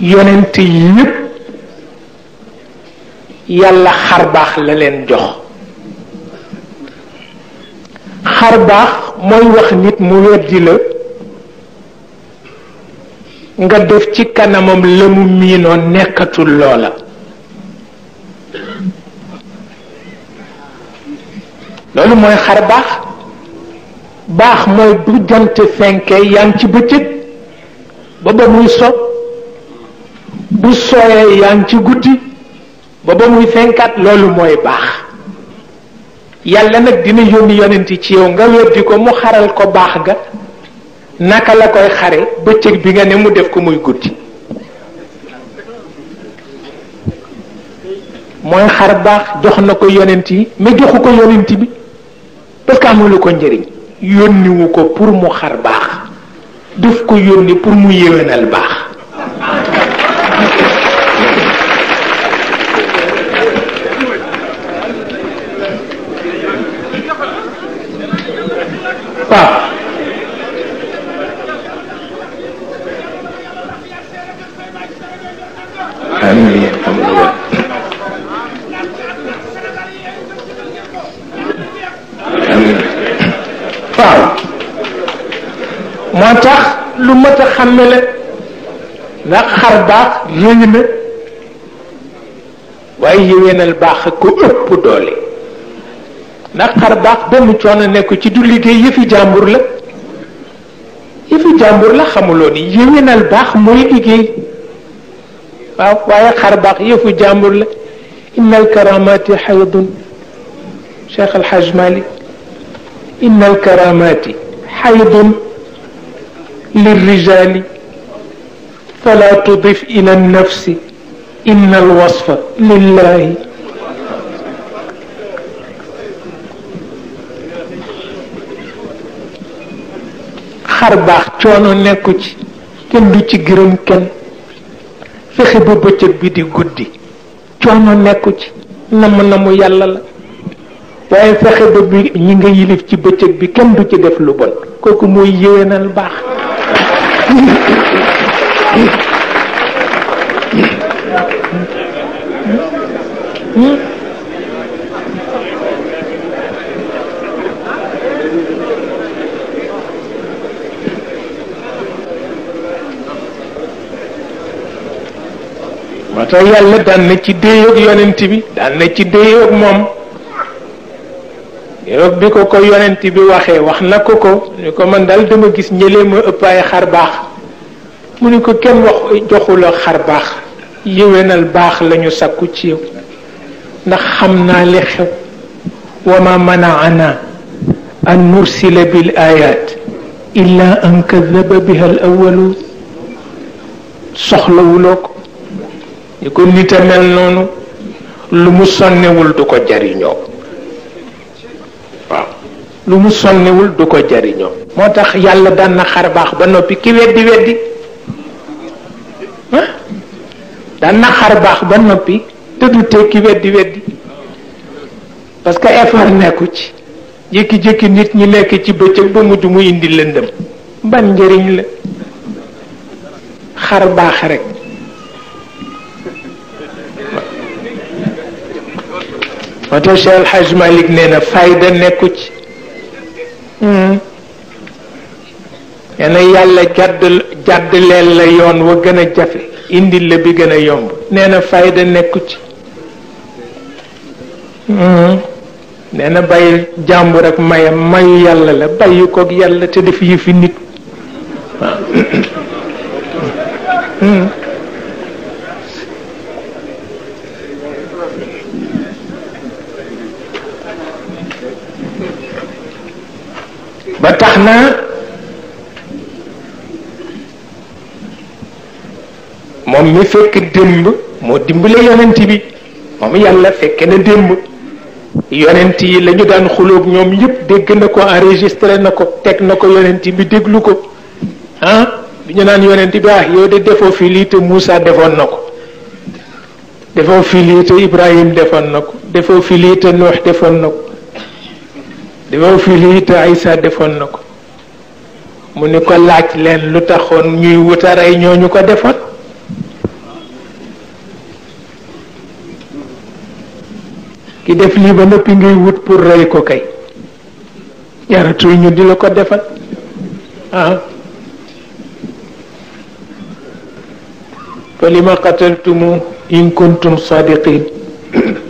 yonent yépp yàlla xarbaax la leen jox xarbaax mooy wax nit mu weddi la nga def ci kanamam la mu miinoon nekkatul loola loolu mooy xarbaax baax mooy bu jant fenke yaa ci bëccëg ba muy sob bu sooyee yaa ngi ci guddi ba ba muy fenkat loolu mooy baax yàlla nag dina yónni yonent ci yow nga weddi ko mu xaral ko baax ga naka la koy xare bëccëg bi nga ne mu def ko muy guddi mooy xar baax jox na ko yonent yi mais joxu ko yonent bi parce que amulu ko njëriñ yónniwu ko pour mu xar baax daf ko yónni pour mu yéwénal baax Moustapha amiin amiin waaw moo lu mat a xàmmele ndax xar baax yéegi na waaye yéwénal baax a ko doole nakar bak baax benn coono nekk ci du liggéey yëfi jambour la yëfi jambour la xamuloni yéwénal bax moy liggéey wa waaye xar bak yëfu jambour la innal karamati xaydun cheikh al alxaj malik inna alkaramati xaydun للرجال فلا تضف إلى النفس إن الوصف لله xar baax coono nekku ci kenn du ci gërëm kenn fexe ba bëccëg bi di guddi coono nekku ci namm namu yàlla la waaye fexe ba bi ñi nga yilif ci bëccëg bi kenn du ci def lu bon kooku mooy yéwénal baax hmm? moo tax yàlla daan na ci déeyoog yonent bi daan na ci déeyoog moom yoroog bi ko ko yonent bi waxee wax na ko ko ñu ko man daal dama gis ñëlee ma ëpp ay xar baax mu ni ko kenn wax joxula xar baax yéwénal baax lañu sakku ci yow ndax xam naa li xew wa ma manaana an nursila bil ayat illa an kadaba biha al awalu soxlawuloo ko ni ko nit a mel noonu lu mu sonnewul du ko jariñoo waaw lu mu sonnewul du ko jariñoo moo tax yàlla daan na xar baax ba noppi ki weddi weddi daan na xar baax ba noppi te du tee ki weddi weddi parce que effort nekku ci jékki-jékki nit ñi nekk ci bëccëg ba mujj mu indi lëndëm ban njëriñ la xar baax rek moo tax Cheikh El Hadj nee na fayda nekku ci nee na yàlla jàdd jàdd leen la yoon wa gën a jafe indil la bi gën a yomb nee na fayda nekku ci nee na bàyyi jàmbur ak mayam mayu yàlla la bàyyi koog yàlla te def yëfi nit waaw ba tax na moom mi fekk démb moo dimbale yonent bi moom yàlla fekke na démb yonent yi la daan xulóog ñoom yëpp dégg na ko enregistré na ko teg na ko yonent bi déglu ko ah bi ñu naan yonent bi ah yow de defoo fii lii te defoon na ko defoo fii lii te Ibrahim defoon na ko defoo fii lii te defoon na ko limam fii te Aïssa defoon na ko mu ni ko laaj leen lu taxoon ñuy wutaray ñu ko defoon ki def lii ba nëpp ngay wut pour rey ko kay jaratul ñu di la ko defal ah fa lima qataltumu in kuntum sadiqin